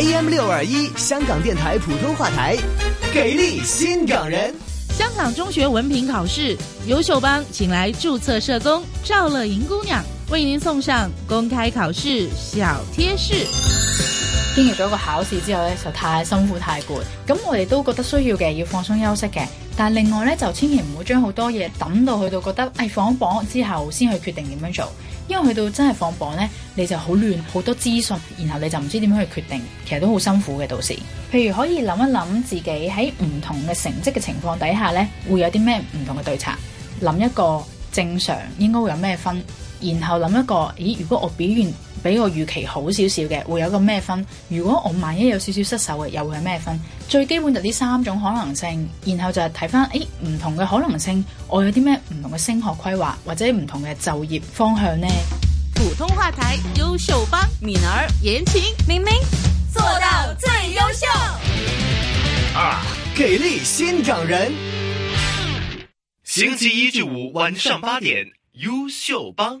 AM 六二一香港電台普通話台，給力新港人。香港中學文憑考試優秀班，請來注冊社工趙樂瑩姑娘為您送上公開考試小貼士。經歷咗個考試之後咧，就太辛苦太攰，咁我哋都覺得需要嘅要放鬆休息嘅。但另外咧，就千祈唔好將好多嘢抌到去到覺得，哎，放榜之後先去決定點樣做。因為去到真係放榜呢，你就好亂，好多資訊，然後你就唔知點樣去決定，其實都好辛苦嘅。到時，譬如可以諗一諗自己喺唔同嘅成績嘅情況底下呢，會有啲咩唔同嘅對策，諗一個正常應該會有咩分，然後諗一個，咦，如果我表現比我預期好少少嘅，會有個咩分？如果我萬一有少少失手嘅，又會係咩分？最基本就呢三種可能性，然後就係睇翻咦，唔同嘅可能性，我有啲咩唔同嘅升學規劃或者唔同嘅就業方向呢？普通話台優秀班，敏兒言情，明明做到最優秀，啊，給力先掌人，嗯、星期一至五晚上八點，優秀班。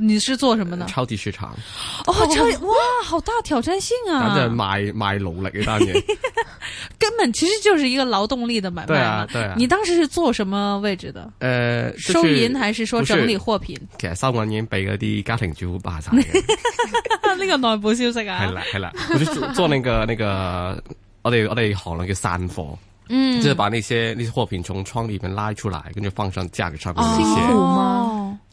你是做什麼的？超級市場。哦，超哇，好大挑戰性啊！反正賣賣努力力單嘢，根本其實就是一個勞動力的買賣嘛。對啊，對啊。你當時是做什麼位置的？呃，收銀還是說整理貨品？其實收銀已經俾嗰啲家庭主婦霸晒嘅。哈呢個內部消息啊。係啦係啦，我就做做那個那個，我哋我哋行那個散貨，嗯，即係把那些那些貨品從窗裏面拉出來，跟住放上架子上面，辛苦嗎？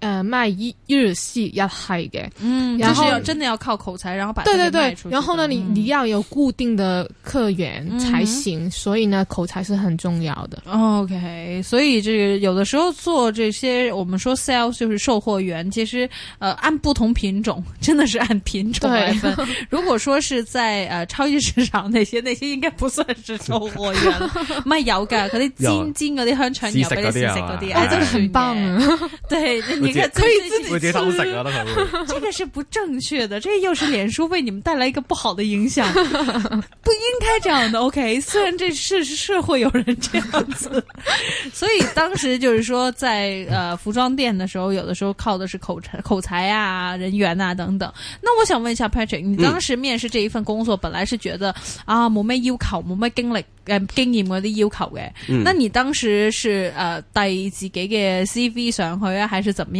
呃，賣一日係要嗨嘅，嗯，然後就是真的要靠口才，然後把出對對對，然後呢，你、嗯、你要有固定的客源才行，嗯、所以呢，口才是很重要的。OK，所以這個有的時候做這些，我們說 sales 就是售貨員，其實呃，按不同品種，真的是按品種來分。對 如果說是在呃超級市場那些那些，應該不算是售貨員。 賣係有噶，嗰啲煎煎嗰啲香腸油俾有你試食嗰啲啊、哎，真的很棒啊， 對。那你這個，自以自己是不正確的，這又是臉書為你們帶來一個不好的影響，不應該這樣的。OK，雖然這是實是會有人這樣子，所以當時就是說在，在呃服裝店的時候，有的時候靠的是口才，口才啊、人緣啊等等。那我想問一下 Patrick，你當時面試這一份工作，嗯、 S S S S 本來是覺得啊，我咩要求，我咩經歷跟經驗嗰啲要求嘅，那你當時是呃帶自己嘅 CV 上去啊，還是怎麼樣？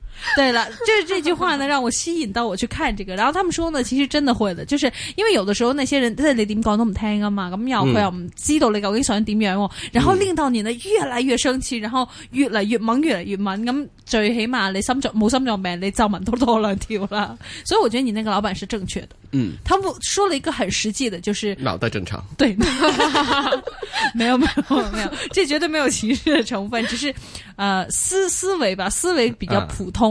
對了，就是這句話呢，讓我吸引到我去看這個。然後他們說呢，其實真的會的，就是因為有的時候那些人你點講都唔聽啊嘛，咁又會又唔知道你究竟想點樣，然後令到你呢越來越生氣，然後越來越猛，越來越猛。咁最起碼你心臟冇心臟病，你皺紋都多兩條啦。所以我覺得你那個老板是正確的。嗯，他們、嗯、說了一個很實際的，就是腦袋正常。對 沒有，沒有沒有沒有，這絕對沒有情緒的成分，只是呃思思維吧，思維比較普通。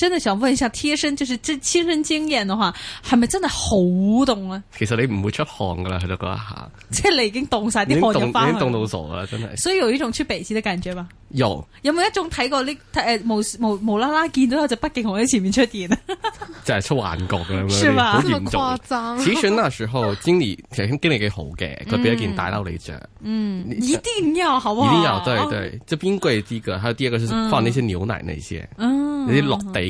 真係想問一下，貼身就是即親身經驗的話，係咪真係好凍啊？其實你唔會出汗噶啦，喺度嗰一下。即係你已經凍晒啲汗入翻去。你凍到傻啦，真係。所以有一種出鼻屎的感覺嗎？有。有冇一種睇過呢？誒，無無啦啦見到有隻北極熊喺前面出現啊？就係出幻覺咁樣，好嚴重。誇張。其實那時候經理其實經理幾好嘅，佢俾一件大褸你着。嗯，一定要好唔好？一定要。對對，即邊冰櫃第一個，還有第一個是放那些牛奶那些，嗯，啲落地。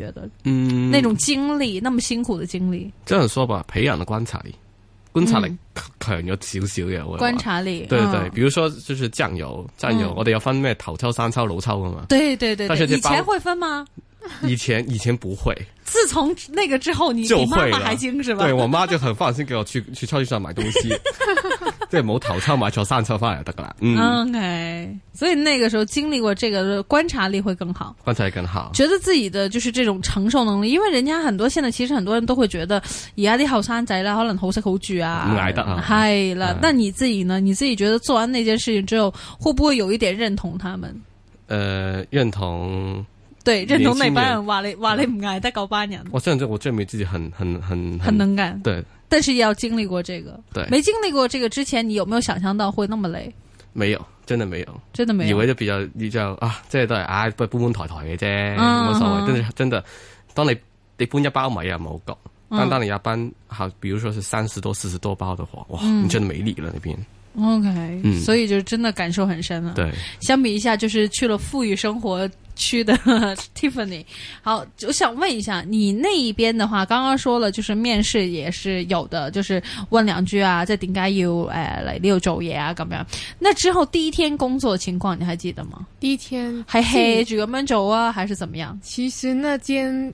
覺得，嗯，那種經歷那麼辛苦的經歷，這樣說吧，培養的觀察力，觀察力強咗少少嘅，觀察力，對，對對，嗯、比如說就是醬油，醬油，嗯、我哋有分咩頭抽、三抽、老抽㗎嘛，對，對對對，是是以前會分嗎？以前以前不會，自從那個之後，你比媽媽還精是吧？對，我媽就很放心，給我去去超市上買東西，在 某頭出買咗三餐飯又得噶啦。嗯，OK。所以那個時候經歷過這個，觀察力會更好，觀察力更好，覺得自己的就是這種承受能力。因為人家很多現在其實很多人都會覺得，而家啲後生仔啦，可能好食好住啊，唔捱得啊。係啦，那你自己呢？你自己覺得做完那件事情之後，會不會有一點認同他們？呃，認同。對，認同那班人話你話你，唔捱在搞八年。我證明我證明自己很很很很能幹。對，但是要經歷過這個，對，沒經歷過這個之前，你有沒有想象到會那麼累？沒有，真的沒有，真的沒有。以為就比較你就啊，即係都係啊，都係搬搬抬抬嘅啫，冇所謂。真係真的，當你你搬一包米啊冇夠，但當你要搬，好，比如說是三十多、四十多包的話，哇，你真的沒力了那邊。OK，所以就真的感受很深了。對，相比一下，就是去了富裕生活。區的 Tiffany，好，我想問一下你那一邊的話，剛剛說了，就是面試也是有的，就是問兩句啊，即係點解要誒嚟呢度做嘢啊咁樣。那之後第一天工作情況你還記得嗎？第一天係 hea 住咁樣做啊，還是怎麼樣？其實那間。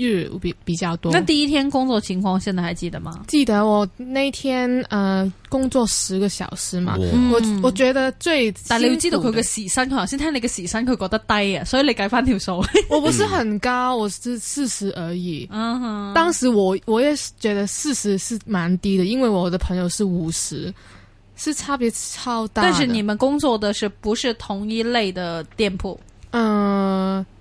日比比較多。那第一天工作情況現在還記得嗎？記得我那天呃工作十個小時嘛，嗯、我我覺得最……但你要知道他，佢嘅時薪可能先聽你嘅時薪，佢覺得低啊，所以你改翻條數。 我不是很高，我是四十而已。啊、嗯，當時我我也是覺得四十是蠻低的，因為我的朋友是五十，是差別超大。但是你們工作的是不是同一類的店鋪？嗯、呃。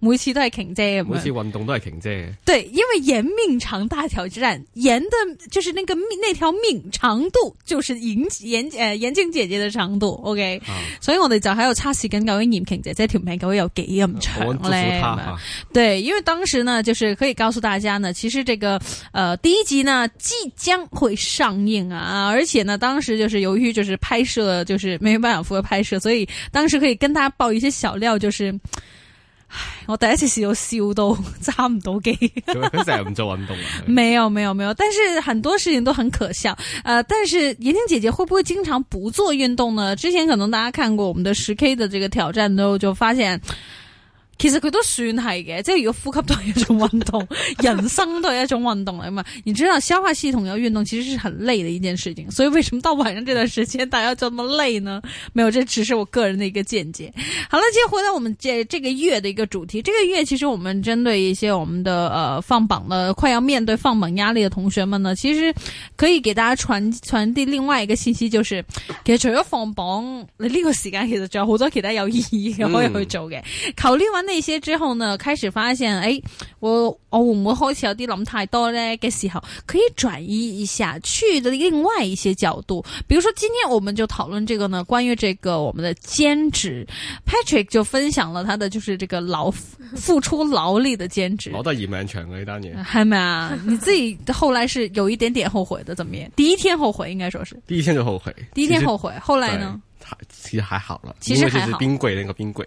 每次都係瓊姐，每次運動都係瓊姐。對，因為嚴命長大挑戰，嚴的，就是那個那條命長度，就是嚴顏呃嚴靜姐姐的長度。O、okay? K，好所以我哋就喺度測試緊究竟嚴瓊姐姐條命究竟有幾咁長咧？對、嗯，來因為當時呢，就是可以告訴大家呢，其實這個，呃，第一集呢即將會上映啊，而且呢，當時就是由於就是拍攝，就是沒辦法符合拍攝，所以當時可以跟大家爆一些小料，就是。唉，我第一次試到笑到揸唔到機，佢成日唔做運動。沒有沒有沒有，但是很多事情都很可笑。呃，但是言婷姐姐會不會經常不做運動呢？之前可能大家看過我們的十 K 的這個挑戰之後，就發現。其實佢都算係嘅，即係如果呼吸都係一種運動，人生 都係一種運動嚟嘛。你知道消化系統要運動，其實是很累的一件事情。所以為什麼到晚上這段時間大家就這麼累呢？沒有，這只是我個人的一個見解。好了，接下來回到我們這這個月的一個主題。這個月其實我們針對一些我們的，呃放榜的，快要面對放榜壓力的同學們呢，其實可以給大家傳傳遞另外一個信息，就是其實除咗放榜，你、這、呢個時間其實仲有好多其他有意義嘅可以去做嘅。嗯，考慮完那些之後呢，開始發現，哎、欸，我哦，我們開始有啲諗太多嘞，嘅時候，可以轉移一下去的另外一些角度。比如說，今天我們就討論這個呢，關於這個我們的兼職，Patrick 就分享了他的就是這個勞付出勞力的兼職。勞得嚴唔嚴長嘅呢單嘢？還沒啊？你自己後來是有一點點後悔的，怎麼嘢？第一天後悔，應該說是。第一天就後悔。第一天後悔，實後來呢還？其實還好了，其實還好。冰櫃那個冰櫃。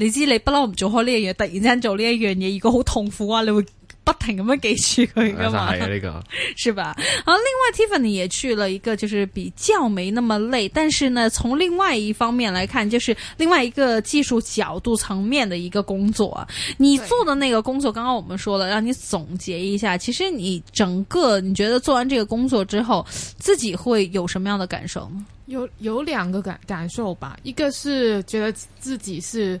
你知你不嬲唔做開呢樣嘢，突然間做呢一樣嘢，如果好痛苦啊，你會不停咁樣記住佢噶嘛？係嘅呢個，是吧？好，另外 Tiffany 也去了一個，就是比較沒那麼累，但是呢，從另外一方面來看，就是另外一個技術角度層面的一個工作。你做的那個工作，剛剛對我們說了，讓你總結一下，其實你整個你覺得做完這個工作之後，自己會有什麼樣的感受呢？有有兩個感感受吧，一個是覺得自己是。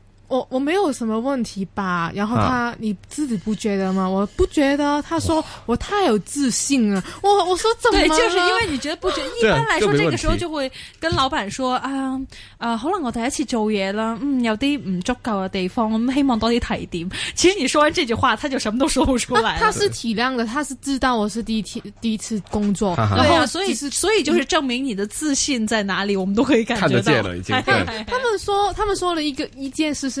我我沒有什麼問題吧？然後他、啊、你自己不覺得嗎？我不覺得。他說我太有自信了。我我說怎麼？對，就是因為你覺得不覺得。啊、一般來說，這個時候就會跟老闆說啊啊，可、啊、能我第一次做嘢了。嗯，有啲唔足夠嘅地方，我們希望多啲提點。其實你說完這句話，他就什麼都說不出來了、啊。他是體諒的，他是知道我是第一天第一次工作， 對、啊，後所以是所以就是證明你的自信在哪裡，我們都可以感覺到。看得見了已經。嘿嘿嘿他們說他們說了一個一件事是。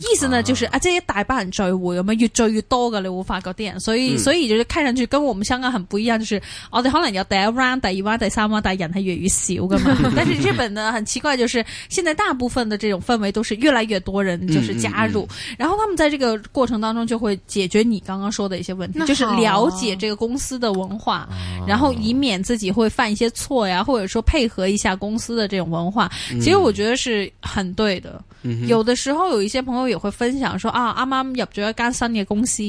意思呢，就是啊，啊，這些大把人聚會咁樣，有沒有越聚越多嘅，你無發覺啲所以、嗯、所以就是看上去，跟我們香港很不一樣，就是我哋、哦、好像有第一 round、第二 round、第三 round，他越嚟越少。但是日本呢，很奇怪，就是現在大部分的這種氛圍都是越來越多人，就是加入，嗯嗯嗯、然後他們在這個過程當中就會解決你剛剛說的一些問題，好就是了解這個公司的文化，啊、然後以免自己會犯一些錯呀，或者說配合一下公司的這種文化。嗯、其實我覺得是很對的。嗯、哼有的時候有一些朋友。也會分享說啊，啱啱入咗一間商業公司，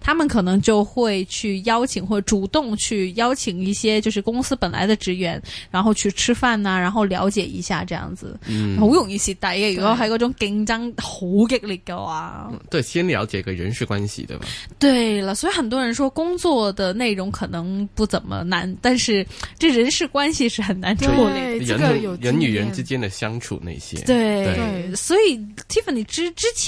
他們可能就會去邀請或主動去邀請一些，就是公司本來的職員，然後去吃飯呐、啊，然後了解一下這樣子。嗯，好容易蝕底嘅，如果喺嗰種競爭好激烈嘅話。對，先了解個人事關係，對吧？對了，所以很多人說工作的內容可能不怎麼難，但是這人事關係是很難，處理的對人人與人之間的相處那些。對對，對對所以 Tiffany 之之前。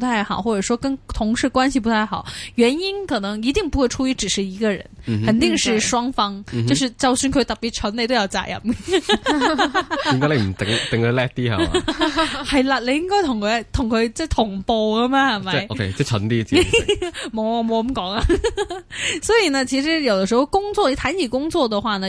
不太好，或者說跟同事關係不太好，原因可能一定不會出於只是一個人，嗯、哼肯定是雙方，嗯、哼就是就算佢特別蠢你都有責任。 點解你唔頂頂佢叻啲係嘛？係啦 吧，你應該同佢同佢即係同步噶嘛？係咪？O K，即蠢啲，冇冇咁講啊。 所以呢，其實有的時候工作，談起工作嘅話呢。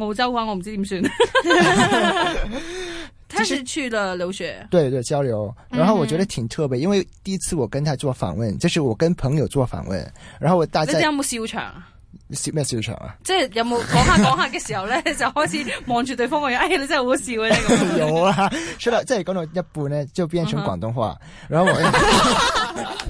澳洲話，我唔知點算。他是 去了留學，對對，對交流。嗯、哼然後我覺得挺特別，因為第一次我跟他做訪問，就是我跟朋友做訪問。然後大家有冇笑場？咩笑場啊？即係有冇講下講下嘅時候咧， 就開始望住對方個哎你真係好笑啊！呢個 有啊，出到即係講到一半咧，就變成廣東話，嗯、哼然後我。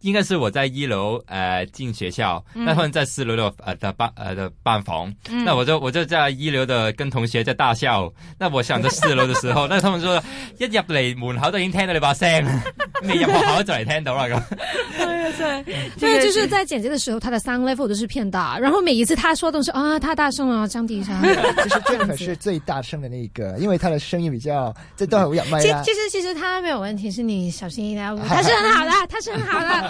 應該是我在一樓，呃，進學校，那他們在四樓的呃的班呃的班房，嗯、那我就我就在一樓的跟同學在大笑，那我想着四樓的時候，那他們說一入嚟門口都已經聽到你把聲，未入門口就嚟聽到啦，咁。哎對，這個、是就是在剪輯的時候，他的三 level 都是偏大，然後每一次他說都是啊，太大聲了，降低一下。其實這可是最大聲的那一個，因為他的聲音比較這都很有啞麥。其其實其實他沒有問題，是你小心一點，他是很好的，他是很好的。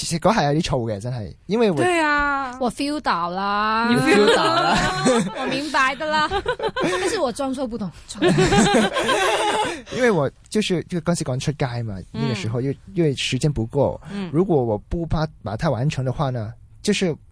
其實嗰係有啲臭嘅，真係，因為我，對啊，我 feel 到啦，你 feel 到啦， 我明白的啦， 但是我裝作不懂， 因為我就是就剛才講出街嘛，那個時候又因為時間不夠，嗯、如果我不怕把它完成的話呢，就是。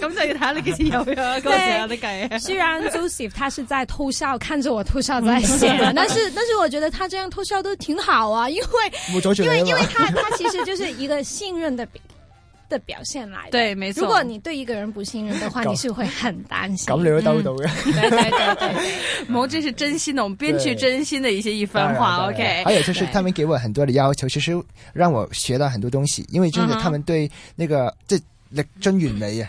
咁就要睇下你幾時有啦，夠時，雖然 Joseph 他是在偷笑，看着我偷笑在寫，但是但是我覺得他這樣偷笑都挺好啊，因為因為因為他他其實就是一個信任的表的表現來。對，沒錯。如果你對一個人不信任的話，你是會很擔心。咁你會兜唔到嘅。對對對。毛志是真心，我們編劇真心的一些一番話，OK。還有就是他們給我很多的要求，其實讓我學到很多東西，因為真的，他們對那個這那真允梅呀。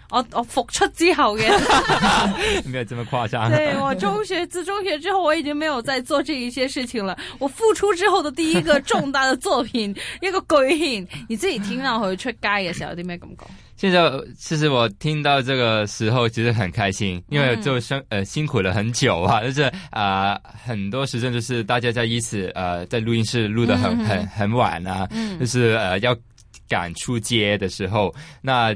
哦哦，復出之後嘅，沒有這麼誇張，對。對，我中學自中學之後，我已經沒有再做這一些事情了。我復出之後的第一個重大的作品， 一個鬼影。你自己聽到會出街嘅時候，有啲咩感覺？現在其實我聽到這個時候，其實很開心，因為就辛呃辛苦了很久啊，就是啊、呃、很多時間就是大家在一起呃在錄音室錄得很很很晚啊，就是呃要趕出街的時候那。